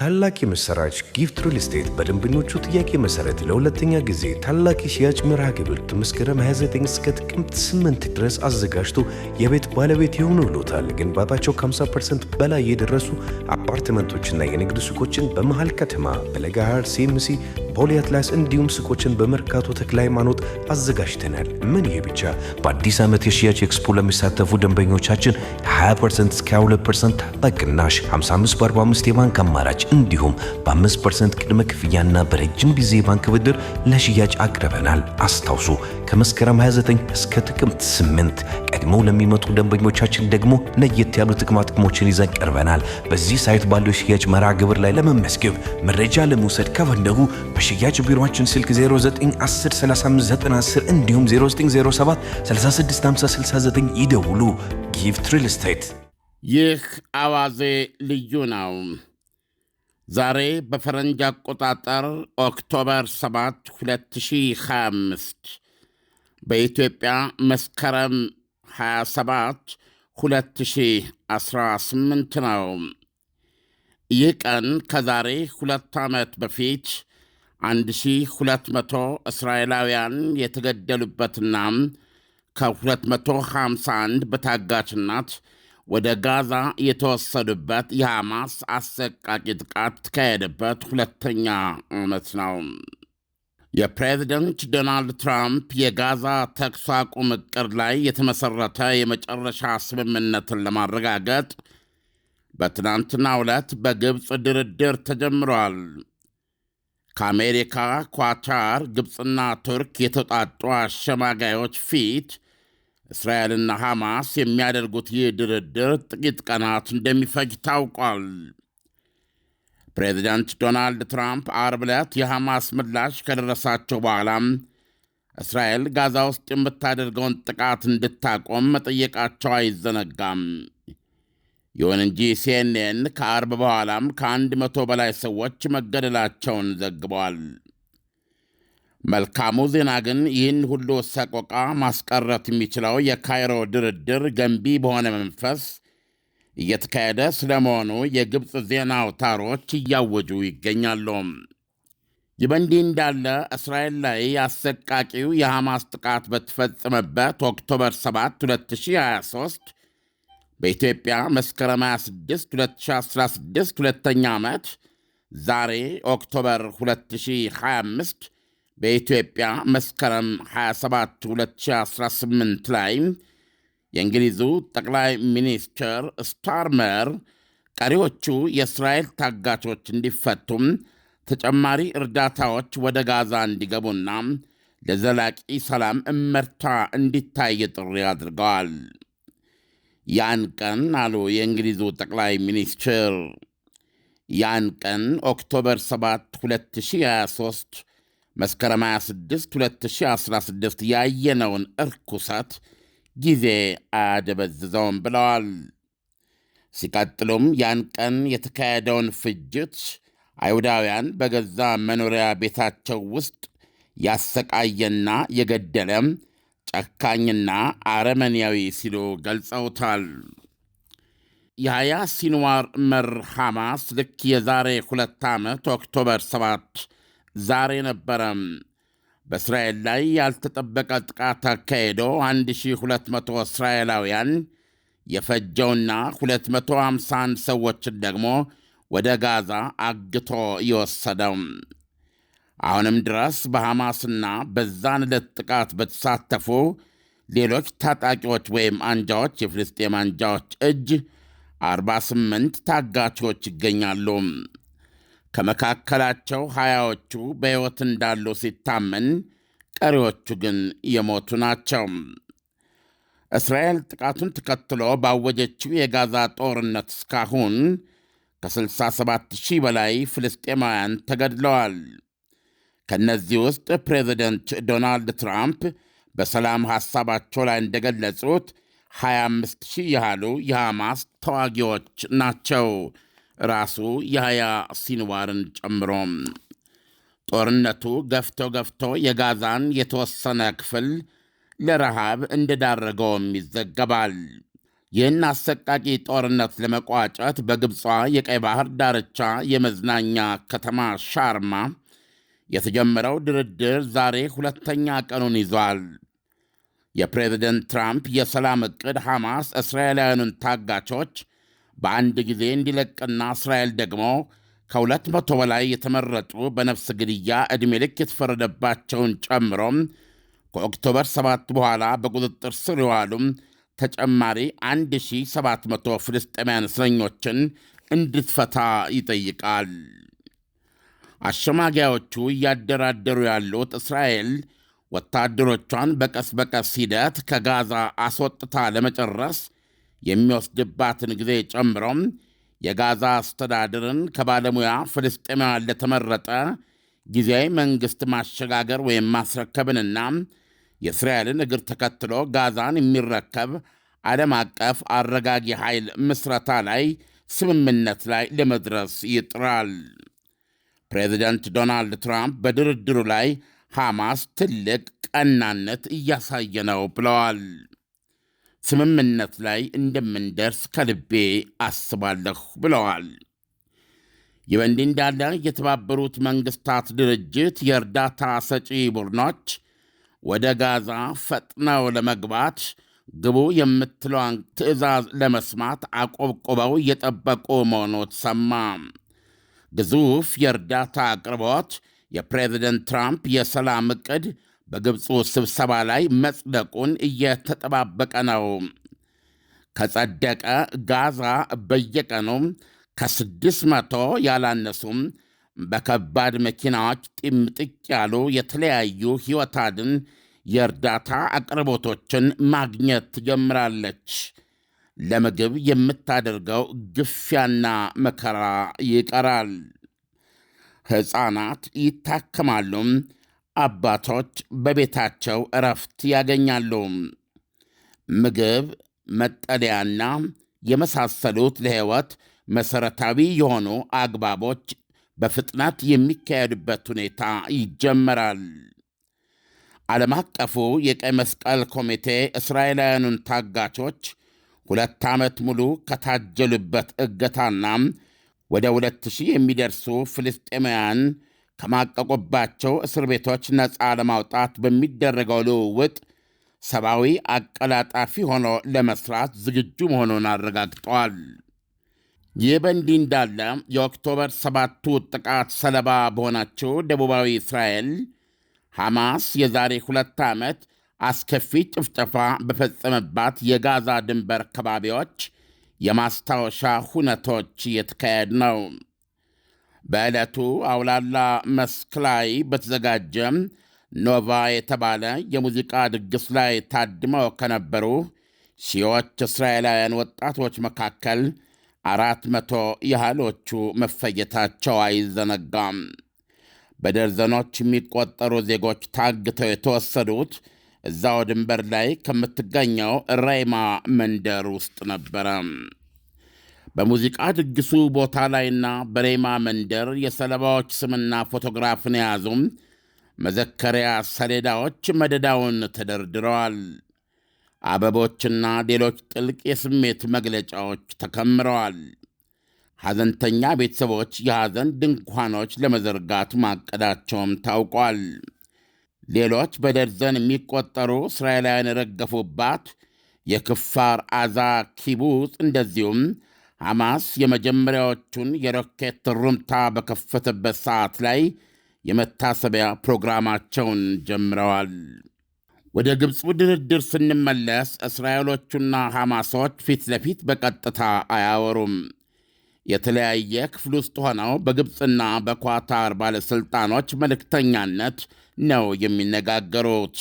ታላቅ የምሥራች! ጊፍት ሪል ስቴት በደንበኞቹ ጥያቄ መሰረት ለሁለተኛ ጊዜ ታላቅ የሽያጭ መርሃ ግብር መስከረም 29 እስከ ጥቅምት 8 ድረስ አዘጋጅቶ የቤት ባለቤት የሆኑ ብሎታል። ግንባታቸው ከ50% በላይ የደረሱ አፓርትመንቶችና የንግድ ሱቆችን በመሃል ከተማ በለጋሃር ሲምሲ በፖሊ አትላስ እንዲሁም ሱቆችን በመርካቶ ተክለ ሃይማኖት አዘጋጅተናል። ምን ይሄ ብቻ! በአዲስ ዓመት የሽያጭ ኤክስፖ ለሚሳተፉ ደንበኞቻችን 20 እስከ 22 ፐርሰንት በቅናሽ 55 በ45 የባንክ አማራጭ እንዲሁም በ5 ቅድመ ክፍያና በረጅም ጊዜ የባንክ ብድር ለሽያጭ አቅርበናል። አስታውሱ ከመስከረም 29 እስከ ጥቅምት 8 ቀድሞ ለሚመጡ ደንበኞቻችን ደግሞ ለየት ያሉ ጥቅማ ጥቅሞችን ይዘን ቀርበናል። በዚህ ሳይት ባለው የሽያጭ መርሃ ግብር ላይ ለመመስገብ መረጃ ለመውሰድ ከፈለጉ በ የሽያጭ ቢሮችን ስልክ 09103510 እንዲሁም 09076569 ይደውሉ። ጊፍት ሪል ስቴት። ይህ አዋዜ ልዩ ነው። ዛሬ በፈረንጅ አቆጣጠር ኦክቶበር 7 2025 በኢትዮጵያ መስከረም 27 2018 ነው። ይህ ቀን ከዛሬ ሁለት ዓመት በፊት 1200 እስራኤላውያን የተገደሉበትና ከ251 በታጋችናት ወደ ጋዛ የተወሰዱበት የሐማስ አሰቃቂ ጥቃት ተካሄደበት ሁለተኛ ዓመት ነው። የፕሬዚደንት ዶናልድ ትራምፕ የጋዛ ተኩስ አቁም እቅድ ላይ የተመሠረተ የመጨረሻ ስምምነትን ለማረጋገጥ በትናንትናው ዕለት በግብፅ ድርድር ተጀምሯል። ከአሜሪካ፣ ኳታር፣ ግብፅና ቱርክ የተውጣጡ አሸማጋዮች ፊት እስራኤልና ሐማስ የሚያደርጉት ይህ ድርድር ጥቂት ቀናት እንደሚፈጅ ታውቋል። ፕሬዚዳንት ዶናልድ ትራምፕ አርብ ዕለት የሐማስ ምላሽ ከደረሳቸው በኋላም እስራኤል ጋዛ ውስጥ የምታደርገውን ጥቃት እንድታቆም መጠየቃቸው አይዘነጋም። ይሁን እንጂ ሲኤንኤን ከአርብ በኋላም ከአንድ መቶ በላይ ሰዎች መገደላቸውን ዘግበዋል። መልካሙ ዜና ግን ይህን ሁሉ ሰቆቃ ማስቀረት የሚችለው የካይሮ ድርድር ገንቢ በሆነ መንፈስ እየተካሄደ ስለመሆኑ የግብፅ ዜና አውታሮች እያወጁ ይገኛሉ። ይህ በእንዲህ እንዳለ እስራኤል ላይ አሰቃቂው የሐማስ ጥቃት በተፈጸመበት ኦክቶበር 7 2023 በኢትዮጵያ መስከረም 26 2016 ሁለተኛ ዓመት ዛሬ ኦክቶበር 2025 በኢትዮጵያ መስከረም 27 2018 ላይ የእንግሊዙ ጠቅላይ ሚኒስትር ስታርመር ቀሪዎቹ የእስራኤል ታጋቾች እንዲፈቱም ተጨማሪ እርዳታዎች ወደ ጋዛ እንዲገቡና ለዘላቂ ሰላም እመርታ እንዲታይ ጥሪ አድርገዋል። ያን ቀን አሉ የእንግሊዙ ጠቅላይ ሚኒስትር፣ ያን ቀን ኦክቶበር 7 2023 መስከረም 26 2016 ያየነውን እርኩሰት ጊዜ አደበዝዘውም ብለዋል። ሲቀጥሉም ያን ቀን የተካሄደውን ፍጅት አይሁዳውያን በገዛ መኖሪያ ቤታቸው ውስጥ ያሰቃየና የገደለም ጨካኝና አረመኔያዊ ሲሉ ገልጸውታል። የሀያ ሲንዋር መር ሐማስ ልክ የዛሬ ሁለት ዓመት ኦክቶበር 7 ዛሬ ነበረም በእስራኤል ላይ ያልተጠበቀ ጥቃት አካሄዶ 1200 እስራኤላውያን የፈጀውና 251 ሰዎችን ደግሞ ወደ ጋዛ አግቶ እየወሰደው አሁንም ድረስ በሐማስና በዛን ዕለት ጥቃት በተሳተፉ ሌሎች ታጣቂዎች ወይም አንጃዎች የፍልስጤም አንጃዎች እጅ 48 ታጋቾች ይገኛሉ። ከመካከላቸው ሀያዎቹ በሕይወት እንዳሉ ሲታመን፣ ቀሪዎቹ ግን የሞቱ ናቸው። እስራኤል ጥቃቱን ተከትሎ ባወጀችው የጋዛ ጦርነት እስካሁን ከ67 ሺህ በላይ ፍልስጤማውያን ተገድለዋል። ከእነዚህ ውስጥ ፕሬዚደንት ዶናልድ ትራምፕ በሰላም ሐሳባቸው ላይ እንደገለጹት 25 ሺህ ያህሉ የሐማስ ተዋጊዎች ናቸው ራሱ የሐያ ሲንዋርን ጨምሮም። ጦርነቱ ገፍቶ ገፍቶ የጋዛን የተወሰነ ክፍል ለረሃብ እንደዳረገውም ይዘገባል። ይህን አሰቃቂ ጦርነት ለመቋጨት በግብጿ የቀይ ባህር ዳርቻ የመዝናኛ ከተማ ሻርማ የተጀመረው ድርድር ዛሬ ሁለተኛ ቀኑን ይዟል። የፕሬዝደንት ትራምፕ የሰላም ዕቅድ ሐማስ እስራኤላውያኑን ታጋቾች በአንድ ጊዜ እንዲለቅና እስራኤል ደግሞ ከሁለት መቶ በላይ የተመረጡ በነፍስ ግድያ ዕድሜ ልክ የተፈረደባቸውን ጨምሮም ከኦክቶበር 7 በኋላ በቁጥጥር ስር የዋሉም ተጨማሪ 1700 ፍልስጤማውያን እስረኞችን እንድትፈታ ይጠይቃል። አሸማጊያዎቹ እያደራደሩ ያሉት እስራኤል ወታደሮቿን በቀስ በቀስ ሂደት ከጋዛ አስወጥታ ለመጨረስ የሚወስድባትን ጊዜ ጨምሮም የጋዛ አስተዳደርን ከባለሙያ ፍልስጤማውያን ለተመረጠ ጊዜያዊ መንግሥት ማሸጋገር ወይም ማስረከብንና የእስራኤልን እግር ተከትሎ ጋዛን የሚረከብ ዓለም አቀፍ አረጋጊ ኃይል ምስረታ ላይ ስምምነት ላይ ለመድረስ ይጥራል። ፕሬዚደንት ዶናልድ ትራምፕ በድርድሩ ላይ ሐማስ ትልቅ ቀናነት እያሳየ ነው ብለዋል። ስምምነት ላይ እንደምንደርስ ከልቤ አስባለሁ ብለዋል። ይህ በእንዲህ እንዳለ የተባበሩት መንግሥታት ድርጅት የእርዳታ ሰጪ ቡድኖች ወደ ጋዛ ፈጥነው ለመግባት ግቡ የምትለዋን ትዕዛዝ ለመስማት አቆብቁበው እየጠበቁ መሆኑ ተሰማ። ግዙፍ የእርዳታ አቅርቦት የፕሬዝደንት ትራምፕ የሰላም ዕቅድ በግብፁ ስብሰባ ላይ መጽደቁን እየተጠባበቀ ነው። ከጸደቀ ጋዛ በየቀኑ ከስድስት መቶ ያላነሱም በከባድ መኪናዎች ጢምጥቅ ያሉ የተለያዩ ሕይወት አድን የእርዳታ አቅርቦቶችን ማግኘት ትጀምራለች። ለምግብ የምታደርገው ግፊያና መከራ ይቀራል። ሕፃናት ይታከማሉ፣ አባቶች በቤታቸው እረፍት ያገኛሉ። ምግብ፣ መጠለያና የመሳሰሉት ለሕይወት መሠረታዊ የሆኑ አግባቦች በፍጥነት የሚካሄድበት ሁኔታ ይጀመራል። ዓለም አቀፉ የቀይ መስቀል ኮሚቴ እስራኤላውያኑን ታጋቾች ሁለት ዓመት ሙሉ ከታጀሉበት እገታና ወደ ሁለት ሺህ የሚደርሱ ፍልስጤማውያን ከማቀቁባቸው እስር ቤቶች ነፃ ለማውጣት በሚደረገው ልውውጥ ሰብአዊ አቀላጣፊ ሆኖ ለመስራት ዝግጁ መሆኑን አረጋግጠዋል። ይህ በእንዲህ እንዳለ የኦክቶበር ሰባቱ ጥቃት ሰለባ በሆናቸው ደቡባዊ እስራኤል ሐማስ የዛሬ ሁለት ዓመት አስከፊ ጭፍጨፋ በፈጸመባት የጋዛ ድንበር አካባቢዎች የማስታወሻ ሁነቶች እየተካሄድ ነው። በዕለቱ አውላላ መስክ ላይ በተዘጋጀ ኖቫ የተባለ የሙዚቃ ድግስ ላይ ታድመው ከነበሩ ሺዎች እስራኤላውያን ወጣቶች መካከል አራት መቶ ያህሎቹ መፈየታቸው አይዘነጋም። በደርዘኖች የሚቆጠሩ ዜጎች ታግተው የተወሰዱት እዛው ድንበር ላይ ከምትገኘው ሬማ መንደር ውስጥ ነበረ። በሙዚቃ ድግሱ ቦታ ላይና በሬማ መንደር የሰለባዎች ስምና ፎቶግራፍን የያዙ መዘከሪያ ሰሌዳዎች መደዳውን ተደርድረዋል። አበቦችና ሌሎች ጥልቅ የስሜት መግለጫዎች ተከምረዋል። ሐዘንተኛ ቤተሰቦች የሐዘን ድንኳኖች ለመዘርጋት ማቀዳቸውም ታውቋል። ሌሎች በደርዘን የሚቆጠሩ እስራኤላውያን የረገፉባት የክፋር አዛ ኪቡጽ እንደዚሁም ሐማስ የመጀመሪያዎቹን የሮኬት ሩምታ በከፈተበት ሰዓት ላይ የመታሰቢያ ፕሮግራማቸውን ጀምረዋል። ወደ ግብፁ ድርድር ስንመለስ እስራኤሎቹና ሐማሶች ፊት ለፊት በቀጥታ አያወሩም። የተለያየ ክፍል ውስጥ ሆነው በግብፅና በኳታር ባለሥልጣኖች መልእክተኛነት ነው የሚነጋገሩት።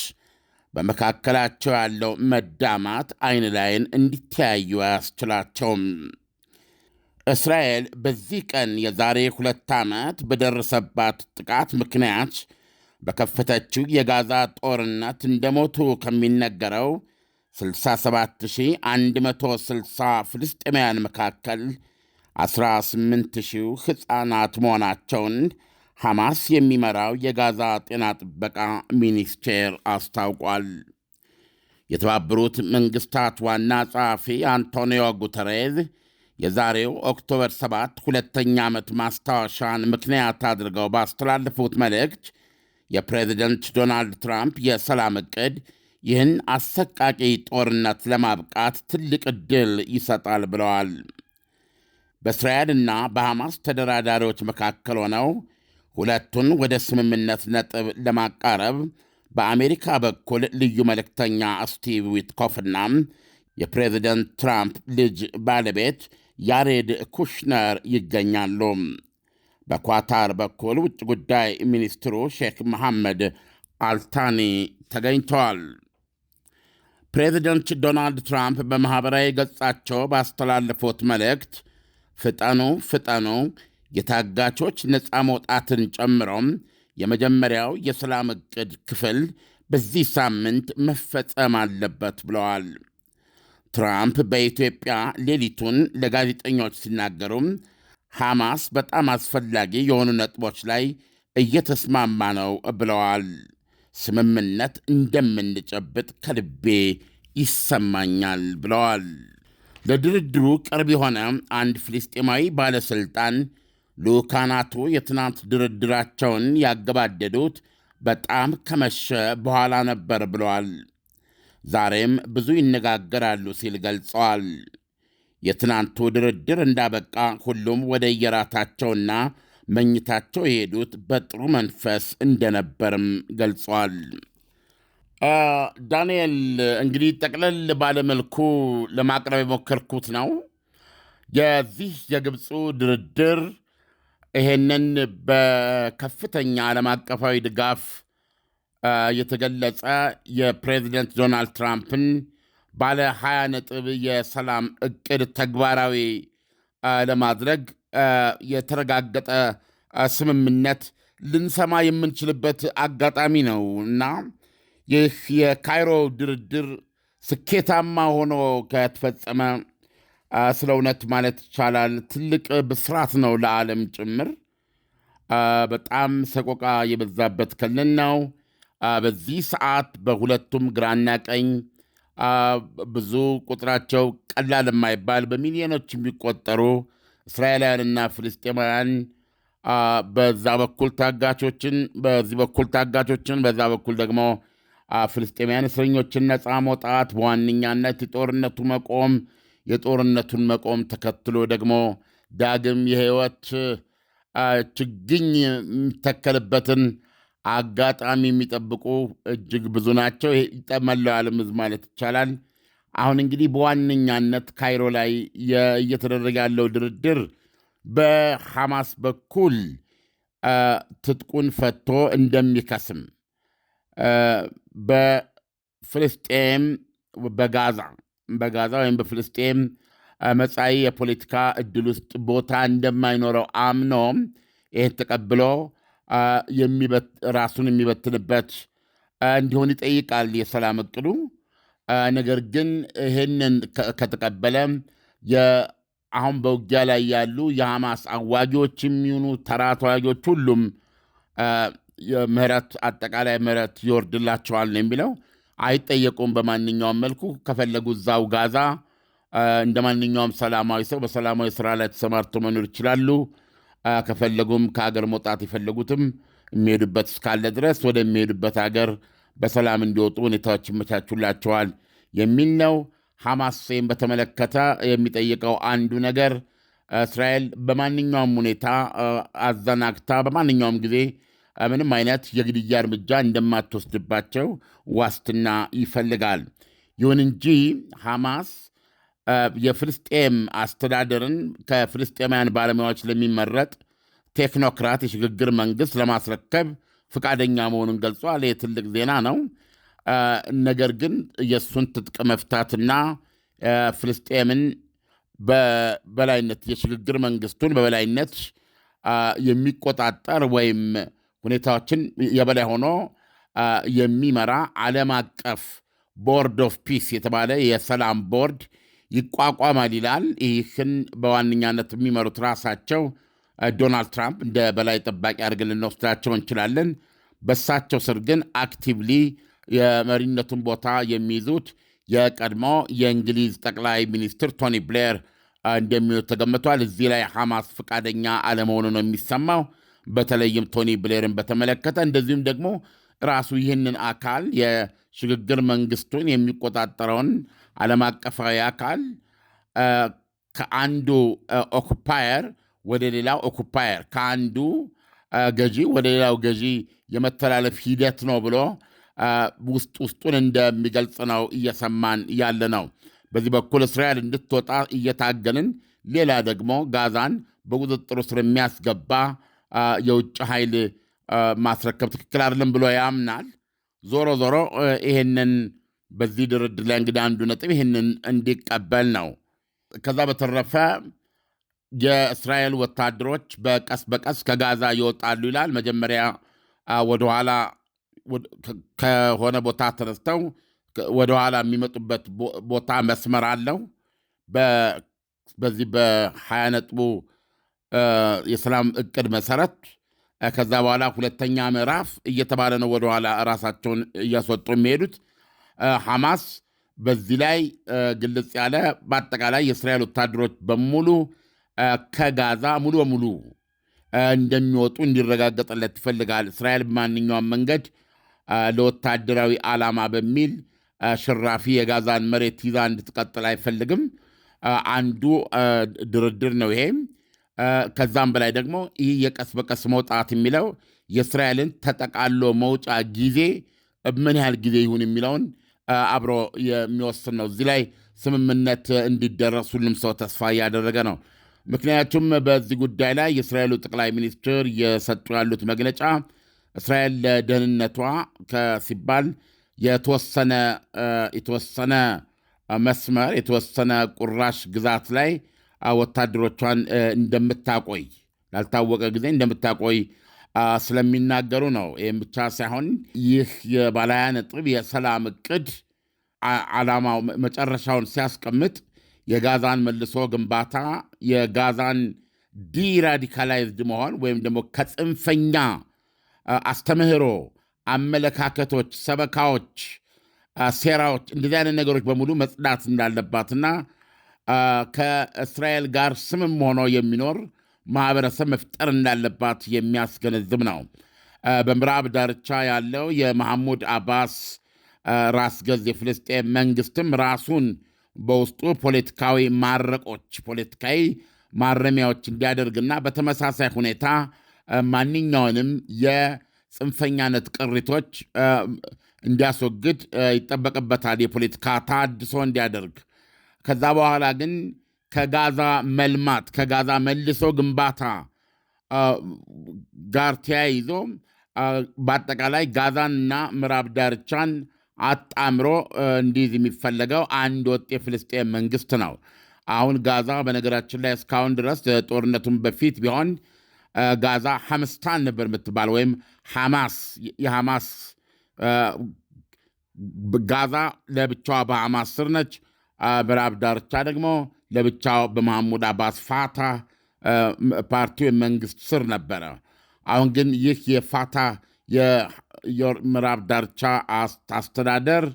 በመካከላቸው ያለው መዳማት አይን ላይን እንዲተያዩ አያስችላቸውም። እስራኤል በዚህ ቀን የዛሬ ሁለት ዓመት በደረሰባት ጥቃት ምክንያት በከፈተችው የጋዛ ጦርነት እንደሞቱ ከሚነገረው 67160 ፍልስጤማውያን መካከል 18000 ሕፃናት መሆናቸውን ሐማስ የሚመራው የጋዛ ጤና ጥበቃ ሚኒስቴር አስታውቋል። የተባበሩት መንግሥታት ዋና ጸሐፊ አንቶኒዮ ጉተሬዝ የዛሬው ኦክቶበር 7 ሁለተኛ ዓመት ማስታወሻን ምክንያት አድርገው ባስተላለፉት መልእክት የፕሬዚደንት ዶናልድ ትራምፕ የሰላም ዕቅድ ይህን አሰቃቂ ጦርነት ለማብቃት ትልቅ ዕድል ይሰጣል ብለዋል። በእስራኤልና በሐማስ ተደራዳሪዎች መካከል ሆነው ሁለቱን ወደ ስምምነት ነጥብ ለማቃረብ በአሜሪካ በኩል ልዩ መልእክተኛ ስቲቭ ዊትኮፍና የፕሬዚደንት ትራምፕ ልጅ ባለቤት ያሬድ ኩሽነር ይገኛሉ። በኳታር በኩል ውጭ ጉዳይ ሚኒስትሩ ሼክ መሐመድ አልታኒ ተገኝተዋል። ፕሬዚደንት ዶናልድ ትራምፕ በማኅበራዊ ገጻቸው ባስተላለፉት መልእክት ፍጠኑ ፍጠኑ የታጋቾች ነፃ መውጣትን ጨምሮም የመጀመሪያው የሰላም ዕቅድ ክፍል በዚህ ሳምንት መፈጸም አለበት ብለዋል። ትራምፕ በኢትዮጵያ ሌሊቱን ለጋዜጠኞች ሲናገሩም ሐማስ በጣም አስፈላጊ የሆኑ ነጥቦች ላይ እየተስማማ ነው ብለዋል። ስምምነት እንደምንጨብጥ ከልቤ ይሰማኛል ብለዋል። ለድርድሩ ቅርብ የሆነ አንድ ፍልስጤማዊ ባለሥልጣን ልዑካናቱ የትናንት ድርድራቸውን ያገባደዱት በጣም ከመሸ በኋላ ነበር ብለዋል። ዛሬም ብዙ ይነጋገራሉ ሲል ገልጸዋል። የትናንቱ ድርድር እንዳበቃ ሁሉም ወደ የራታቸውና መኝታቸው የሄዱት በጥሩ መንፈስ እንደነበርም ገልጸዋል። ዳንኤል እንግዲህ ጠቅለል ባለመልኩ ለማቅረብ የሞከርኩት ነው የዚህ የግብፁ ድርድር ይሄንን በከፍተኛ ዓለም አቀፋዊ ድጋፍ የተገለጸ የፕሬዚደንት ዶናልድ ትራምፕን ባለ 20 ነጥብ የሰላም እቅድ ተግባራዊ ለማድረግ የተረጋገጠ ስምምነት ልንሰማ የምንችልበት አጋጣሚ ነው እና ይህ የካይሮ ድርድር ስኬታማ ሆኖ ከተፈጸመ ስለ እውነት ማለት ይቻላል ትልቅ ብስራት ነው ለዓለም ጭምር። በጣም ሰቆቃ የበዛበት ክልል ነው። በዚህ ሰዓት በሁለቱም ግራና ቀኝ ብዙ ቁጥራቸው ቀላል የማይባል በሚሊዮኖች የሚቆጠሩ እስራኤላውያንና ፍልስጤማውያን በዛ በኩል ታጋቾችን፣ በዚህ በኩል ታጋቾችን፣ በዛ በኩል ደግሞ ፍልስጤማውያን እስረኞችን ነፃ መውጣት በዋነኛነት የጦርነቱ መቆም የጦርነቱን መቆም ተከትሎ ደግሞ ዳግም የህይወት ችግኝ የሚተከልበትን አጋጣሚ የሚጠብቁ እጅግ ብዙ ናቸው። መላው ዓለም ማለት ይቻላል። አሁን እንግዲህ በዋነኛነት ካይሮ ላይ እየተደረገ ያለው ድርድር በሐማስ በኩል ትጥቁን ፈቶ እንደሚከስም በፍልስጤም በጋዛ በጋዛ ወይም በፍልስጤም መጻኢ የፖለቲካ እድል ውስጥ ቦታ እንደማይኖረው አምኖ ይህን ተቀብሎ ራሱን የሚበትንበት እንዲሆን ይጠይቃል የሰላም እቅዱ። ነገር ግን ይህንን ከተቀበለ አሁን በውጊያ ላይ ያሉ የሐማስ አዋጊዎች የሚሆኑ ተራ ተዋጊዎች ሁሉም ምህረት፣ አጠቃላይ ምህረት ይወርድላቸዋል ነው የሚለው። አይጠየቁም። በማንኛውም መልኩ ከፈለጉ እዛው ጋዛ እንደ ማንኛውም ሰላማዊ ሰው በሰላማዊ ስራ ላይ ተሰማርቶ መኖር ይችላሉ። ከፈለጉም ከሀገር መውጣት የፈለጉትም የሚሄዱበት እስካለ ድረስ ወደሚሄዱበት ሀገር በሰላም እንዲወጡ ሁኔታዎች ይመቻቹላቸዋል የሚል ነው። ወይም በተመለከተ የሚጠይቀው አንዱ ነገር እስራኤል በማንኛውም ሁኔታ አዘናግታ በማንኛውም ጊዜ ምንም አይነት የግድያ እርምጃ እንደማትወስድባቸው ዋስትና ይፈልጋል። ይሁን እንጂ ሐማስ የፍልስጤም አስተዳደርን ከፍልስጤማውያን ባለሙያዎች ለሚመረጥ ቴክኖክራት የሽግግር መንግስት ለማስረከብ ፈቃደኛ መሆኑን ገልጿል። ይህ ትልቅ ዜና ነው። ነገር ግን የእሱን ትጥቅ መፍታትና ፍልስጤምን በበላይነት የሽግግር መንግስቱን በበላይነት የሚቆጣጠር ወይም ሁኔታዎችን የበላይ ሆኖ የሚመራ ዓለም አቀፍ ቦርድ ኦፍ ፒስ የተባለ የሰላም ቦርድ ይቋቋማል ይላል። ይህን በዋነኛነት የሚመሩት ራሳቸው ዶናልድ ትራምፕ እንደ በላይ ጠባቂ አድርገን ልንወስዳቸው እንችላለን። በሳቸው ስር ግን አክቲቭሊ የመሪነቱን ቦታ የሚይዙት የቀድሞ የእንግሊዝ ጠቅላይ ሚኒስትር ቶኒ ብሌር እንደሚሉት ተገምቷል። እዚህ ላይ ሐማስ ፈቃደኛ አለመሆኑ ነው የሚሰማው። በተለይም ቶኒ ብሌርን በተመለከተ እንደዚሁም ደግሞ ራሱ ይህንን አካል የሽግግር መንግስቱን የሚቆጣጠረውን ዓለም አቀፋዊ አካል ከአንዱ ኦኩፓየር ወደ ሌላው ኦኩፓየር ከአንዱ ገዢ ወደ ሌላው ገዢ የመተላለፍ ሂደት ነው ብሎ ውስጥ ውስጡን እንደሚገልጽ ነው እየሰማን ያለ ነው። በዚህ በኩል እስራኤል እንድትወጣ እየታገልን፣ ሌላ ደግሞ ጋዛን በቁጥጥሩ ስር የሚያስገባ የውጭ ኃይል ማስረከብ ትክክል አይደለም ብሎ ያምናል። ዞሮ ዞሮ ይህንን በዚህ ድርድር ላይ እንግዲህ አንዱ ነጥብ ይህንን እንዲቀበል ነው። ከዛ በተረፈ የእስራኤል ወታደሮች በቀስ በቀስ ከጋዛ ይወጣሉ ይላል። መጀመሪያ ወደኋላ ከሆነ ቦታ ተነስተው ወደኋላ የሚመጡበት ቦታ መስመር አለው። በዚህ በሀያ ነጥቡ የሰላም እቅድ መሰረት ከዛ በኋላ ሁለተኛ ምዕራፍ እየተባለ ነው ወደኋላ ራሳቸውን እያስወጡ የሚሄዱት ሐማስ። በዚህ ላይ ግልጽ ያለ በአጠቃላይ የእስራኤል ወታደሮች በሙሉ ከጋዛ ሙሉ በሙሉ እንደሚወጡ እንዲረጋገጥለት ይፈልጋል። እስራኤል በማንኛውም መንገድ ለወታደራዊ ዓላማ በሚል ሽራፊ የጋዛን መሬት ይዛ እንድትቀጥል አይፈልግም። አንዱ ድርድር ነው ይሄም ከዛም በላይ ደግሞ ይህ የቀስ በቀስ መውጣት የሚለው የእስራኤልን ተጠቃሎ መውጫ ጊዜ ምን ያህል ጊዜ ይሁን የሚለውን አብሮ የሚወስን ነው። እዚህ ላይ ስምምነት እንዲደረስ ሁሉም ሰው ተስፋ እያደረገ ነው። ምክንያቱም በዚህ ጉዳይ ላይ የእስራኤሉ ጠቅላይ ሚኒስትር የሰጡ ያሉት መግለጫ እስራኤል ለደህንነቷ የተወሰነ የተወሰነ መስመር የተወሰነ ቁራሽ ግዛት ላይ ወታደሮቿን እንደምታቆይ ላልታወቀ ጊዜ እንደምታቆይ ስለሚናገሩ ነው። ይህም ብቻ ሳይሆን ይህ የባላያ ነጥብ የሰላም እቅድ ዓላማው መጨረሻውን ሲያስቀምጥ የጋዛን መልሶ ግንባታ፣ የጋዛን ዲራዲካላይዝድ መሆን ወይም ደግሞ ከጽንፈኛ አስተምህሮ፣ አመለካከቶች፣ ሰበካዎች፣ ሴራዎች እንደዚህ አይነት ነገሮች በሙሉ መጽዳት እንዳለባትና ከእስራኤል ጋር ስምም ሆኖ የሚኖር ማህበረሰብ መፍጠር እንዳለባት የሚያስገነዝብ ነው። በምዕራብ ዳርቻ ያለው የመሐሙድ አባስ ራስ ገዝ የፍልስጤን መንግስትም ራሱን በውስጡ ፖለቲካዊ ማረቆች፣ ፖለቲካዊ ማረሚያዎች እንዲያደርግና በተመሳሳይ ሁኔታ ማንኛውንም የጽንፈኛነት ቅሪቶች እንዲያስወግድ ይጠበቅበታል። የፖለቲካ ታድሶ እንዲያደርግ ከዛ በኋላ ግን ከጋዛ መልማት ከጋዛ መልሶ ግንባታ ጋር ተያይዞ በአጠቃላይ ጋዛንና ምዕራብ ዳርቻን አጣምሮ እንዲይዝ የሚፈለገው አንድ ወጥ የፍልስጤን መንግስት ነው። አሁን ጋዛ በነገራችን ላይ እስካሁን ድረስ ጦርነቱን በፊት ቢሆን ጋዛ ሐምስታን ነበር የምትባል ወይም ሐማስ የሐማስ ጋዛ ለብቻዋ በሐማስ ስር ነች። ምዕራብ ዳርቻ ደግሞ ለብቻው በመሐሙድ አባስ ፋታ ፓርቲው መንግስት ስር ነበረ። አሁን ግን ይህ የፋታ የምዕራብ ዳርቻ አስተዳደር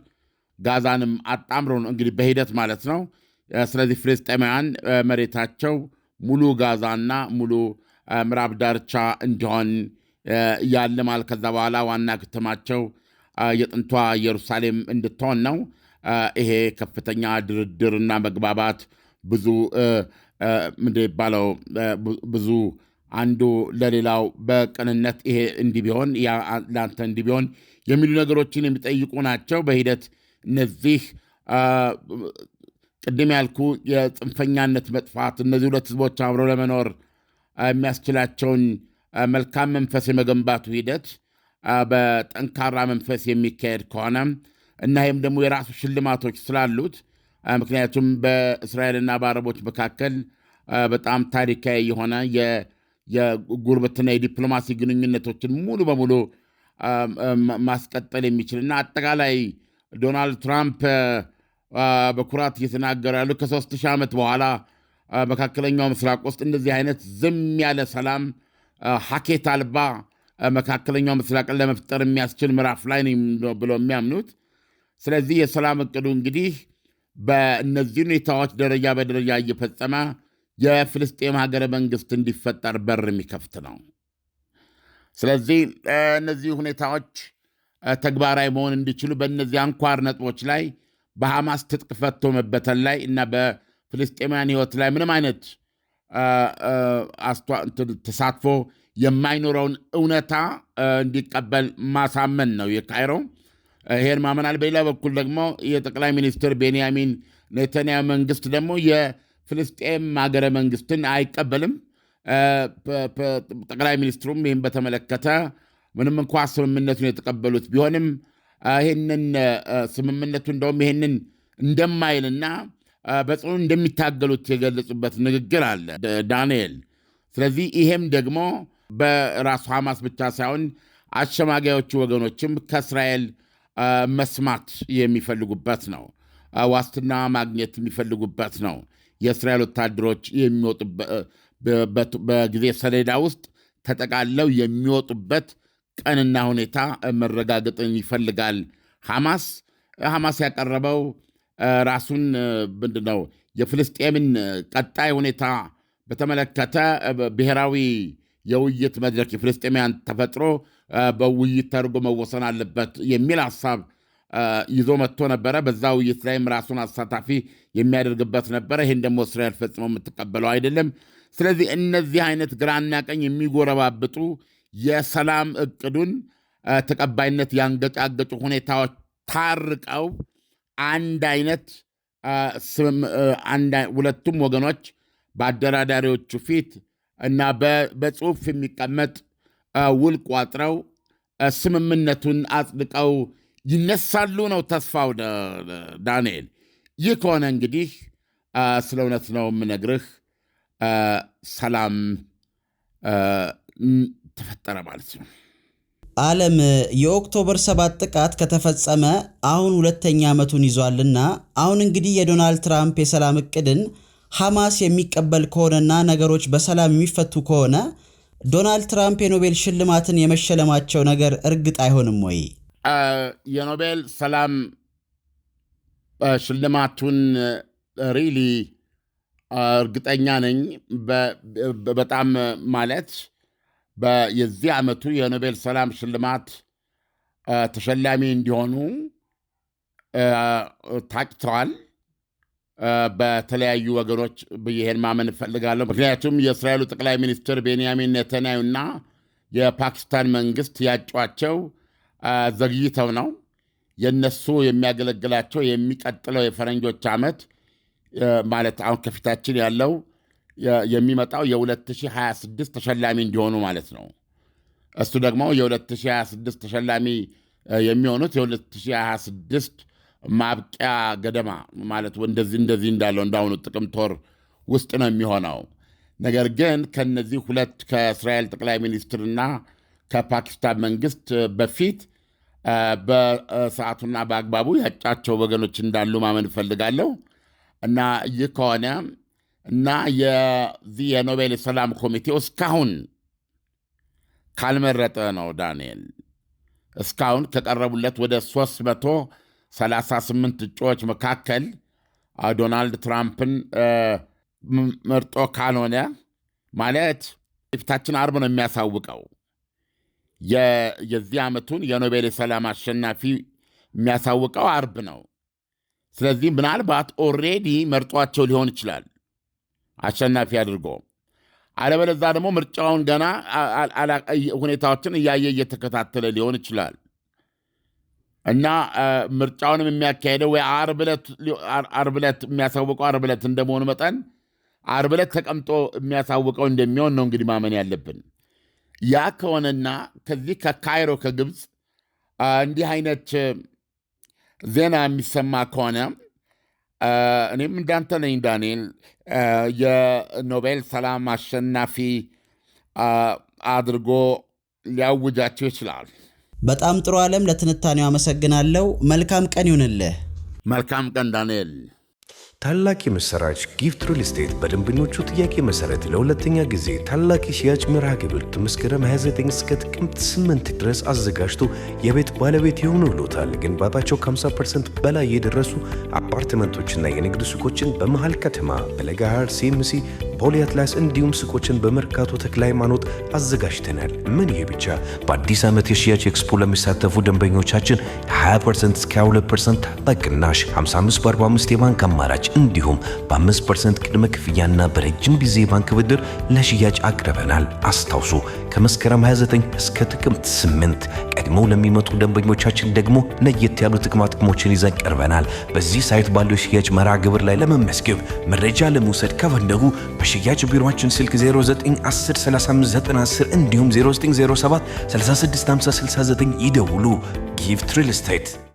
ጋዛንም አጣምሮ ነው እንግዲህ በሂደት ማለት ነው። ስለዚህ ፍልስጤማውያን መሬታቸው ሙሉ ጋዛና ሙሉ ምዕራብ ዳርቻ እንዲሆን ያለማል። ከዛ በኋላ ዋና ከተማቸው የጥንቷ ኢየሩሳሌም እንድትሆን ነው። ይሄ ከፍተኛ ድርድርና መግባባት ብዙ ምንድ ይባለው ብዙ አንዱ ለሌላው በቅንነት ይሄ እንዲህ ቢሆን ለአንተ እንዲህ ቢሆን የሚሉ ነገሮችን የሚጠይቁ ናቸው። በሂደት እነዚህ ቅድም ያልኩ የጽንፈኛነት መጥፋት እነዚህ ሁለት ህዝቦች አብረው ለመኖር የሚያስችላቸውን መልካም መንፈስ የመገንባቱ ሂደት በጠንካራ መንፈስ የሚካሄድ ከሆነ እና ይህም ደግሞ የራሱ ሽልማቶች ስላሉት ምክንያቱም በእስራኤልና በአረቦች መካከል በጣም ታሪካዊ የሆነ የጉርብትና የዲፕሎማሲ ግንኙነቶችን ሙሉ በሙሉ ማስቀጠል የሚችል እና አጠቃላይ ዶናልድ ትራምፕ በኩራት እየተናገሩ ያሉ ከሶስት ሺህ ዓመት በኋላ መካከለኛው ምስራቅ ውስጥ እንደዚህ አይነት ዝም ያለ ሰላም ሀኬት አልባ መካከለኛው ምስራቅን ለመፍጠር የሚያስችል ምዕራፍ ላይ ነው ብለው የሚያምኑት ስለዚህ የሰላም እቅዱ እንግዲህ በእነዚህ ሁኔታዎች ደረጃ በደረጃ እየፈጸመ የፍልስጤም ሀገረ መንግስት እንዲፈጠር በር የሚከፍት ነው። ስለዚህ እነዚህ ሁኔታዎች ተግባራዊ መሆን እንዲችሉ በእነዚህ አንኳር ነጥቦች ላይ በሐማስ ትጥቅ ፈቶ መበተን ላይ እና በፍልስጤማውያን ሕይወት ላይ ምንም አይነት ተሳትፎ የማይኖረውን እውነታ እንዲቀበል ማሳመን ነው የካይሮ ይሄን ማመናል። በሌላ በኩል ደግሞ የጠቅላይ ሚኒስትር ቤንያሚን ኔተንያ መንግስት ደግሞ የፍልስጤም ሀገረ መንግስትን አይቀበልም። ጠቅላይ ሚኒስትሩም ይህን በተመለከተ ምንም እንኳ ስምምነቱን የተቀበሉት ቢሆንም ይህንን ስምምነቱ እንደውም ይህንን እንደማይልና በጽኑ እንደሚታገሉት የገለጹበት ንግግር አለ ዳንኤል። ስለዚህ ይሄም ደግሞ በራሱ ሐማስ ብቻ ሳይሆን አሸማጋዮቹ ወገኖችም ከእስራኤል መስማት የሚፈልጉበት ነው። ዋስትና ማግኘት የሚፈልጉበት ነው። የእስራኤል ወታደሮች የሚወጡበት በጊዜ ሰሌዳ ውስጥ ተጠቃለው የሚወጡበት ቀንና ሁኔታ መረጋገጥን ይፈልጋል። ሐማስ ሐማስ ያቀረበው ራሱን ምንድን ነው የፍልስጤምን ቀጣይ ሁኔታ በተመለከተ ብሔራዊ የውይይት መድረክ የፍልስጤማውያን ተፈጥሮ በውይይት ተደርጎ መወሰን አለበት የሚል ሀሳብ ይዞ መጥቶ ነበረ። በዛ ውይይት ላይም ራሱን አሳታፊ የሚያደርግበት ነበረ። ይህን ደግሞ እስራኤል ፈጽሞ የምትቀበለው አይደለም። ስለዚህ እነዚህ አይነት ግራና ቀኝ የሚጎረባብጡ የሰላም እቅዱን ተቀባይነት ያንገጫገጩ ሁኔታዎች ታርቀው አንድ አይነት ሁለቱም ወገኖች በአደራዳሪዎቹ ፊት እና በጽሁፍ የሚቀመጥ ውል ቋጥረው ስምምነቱን አጽድቀው ይነሳሉ ነው ተስፋው። ዳንኤል፣ ይህ ከሆነ እንግዲህ ስለ እውነት ነው የምነግርህ፣ ሰላም ተፈጠረ ማለት ነው። ዓለም የኦክቶበር ሰባት ጥቃት ከተፈጸመ አሁን ሁለተኛ ዓመቱን ይዟልና አሁን እንግዲህ የዶናልድ ትራምፕ የሰላም እቅድን ሐማስ የሚቀበል ከሆነና ነገሮች በሰላም የሚፈቱ ከሆነ ዶናልድ ትራምፕ የኖቤል ሽልማትን የመሸለማቸው ነገር እርግጥ አይሆንም ወይ? የኖቤል ሰላም ሽልማቱን ሪሊ እርግጠኛ ነኝ። በጣም ማለት የዚህ ዓመቱ የኖቤል ሰላም ሽልማት ተሸላሚ እንዲሆኑ ታጭተዋል። በተለያዩ ወገኖች ብይሄን ማመን እፈልጋለሁ። ምክንያቱም የእስራኤሉ ጠቅላይ ሚኒስትር ቤንያሚን ኔተንያሁና የፓኪስታን መንግስት ያጯቸው ዘግይተው ነው። የነሱ የሚያገለግላቸው የሚቀጥለው የፈረንጆች ዓመት ማለት አሁን ከፊታችን ያለው የሚመጣው የ2026 ተሸላሚ እንዲሆኑ ማለት ነው። እሱ ደግሞ የ2026 ተሸላሚ የሚሆኑት የ2026 ማብቂያ ገደማ ማለት እንደዚህ እንደዚህ እንዳለው እንዳሁኑ ጥቅምት ወር ውስጥ ነው የሚሆነው። ነገር ግን ከነዚህ ሁለት ከእስራኤል ጠቅላይ ሚኒስትርና ከፓኪስታን መንግስት በፊት በሰዓቱና በአግባቡ ያጫቸው ወገኖች እንዳሉ ማመን እፈልጋለሁ እና ይህ ከሆነ እና የዚህ የኖቤል ሰላም ኮሚቴው እስካሁን ካልመረጠ ነው ዳንኤል እስካሁን ከቀረቡለት ወደ ሶስት መቶ 38 እጩዎች መካከል ዶናልድ ትራምፕን መርጦ ካልሆነ ማለት የፊታችን አርብ ነው የሚያሳውቀው የዚህ ዓመቱን የኖቤል የሰላም አሸናፊ የሚያሳውቀው አርብ ነው። ስለዚህ ምናልባት ኦሬዲ መርጧቸው ሊሆን ይችላል አሸናፊ አድርጎ፣ አለበለዛ ደግሞ ምርጫውን ገና ሁኔታዎችን እያየ እየተከታተለ ሊሆን ይችላል። እና ምርጫውንም የሚያካሄደው ወይ ዕለት የሚያሳውቀው አርብለት ዕለት እንደመሆኑ መጠን አርብ ዕለት ተቀምጦ የሚያሳውቀው እንደሚሆን ነው እንግዲህ ማመን ያለብን። ያ ከሆነና ከዚህ ከካይሮ ከግብፅ እንዲህ አይነት ዜና የሚሰማ ከሆነ እኔም እንዳንተ ነኝ ዳንኤል። የኖቤል ሰላም አሸናፊ አድርጎ ሊያውጃቸው ይችላል። በጣም ጥሩ ዓለም፣ ለትንታኔው አመሰግናለሁ። መልካም ቀን ይሁንልህ። መልካም ቀን ዳንኤል። ታላቅ የምሥራች! ጊፍት ሪል ስቴት በደንበኞቹ ጥያቄ መሰረት ለሁለተኛ ጊዜ ታላቅ የሽያጭ መርሃ ግብር መስከረም 29 እስከ ጥቅምት 8 ድረስ አዘጋጅቶ የቤት ባለቤት የሆኑ ብሎታል። ግንባታቸው ከ50 ፐርሰንት በላይ የደረሱ አፓርትመንቶችና የንግድ ሱቆችን በመሃል ከተማ በለጋሃር ሲምሲ ፖሊ አትላስ እንዲሁም ሱቆችን በመርካቶ ተክለ ሃይማኖት አዘጋጅተናል። ምን ይሄ ብቻ! በአዲስ ዓመት የሽያጭ ኤክስፖ ለሚሳተፉ ደንበኞቻችን 20 እስከ 22 ፐርሰንት በቅናሽ 55 በ45 የባንክ አማራጭ እንዲሁም በ5 ቅድመ ክፍያና በረጅም ጊዜ የባንክ ብድር ለሽያጭ አቅርበናል። አስታውሱ ከመስከረም 29 እስከ ጥቅምት 8 ቀድሞ ለሚመጡ ደንበኞቻችን ደግሞ ለየት ያሉ ጥቅማ ጥቅሞችን ይዘን ቀርበናል። በዚህ ሳይት ባለው የሽያጭ መርሃ ግብር ላይ ለመመስገብ መረጃ ለመውሰድ ከፈለጉ በ የሽያጭ ቢሮችን ስልክ 09103510 እንዲሁም 0907365069 ይደውሉ። ጊፍት ሪል ስቴት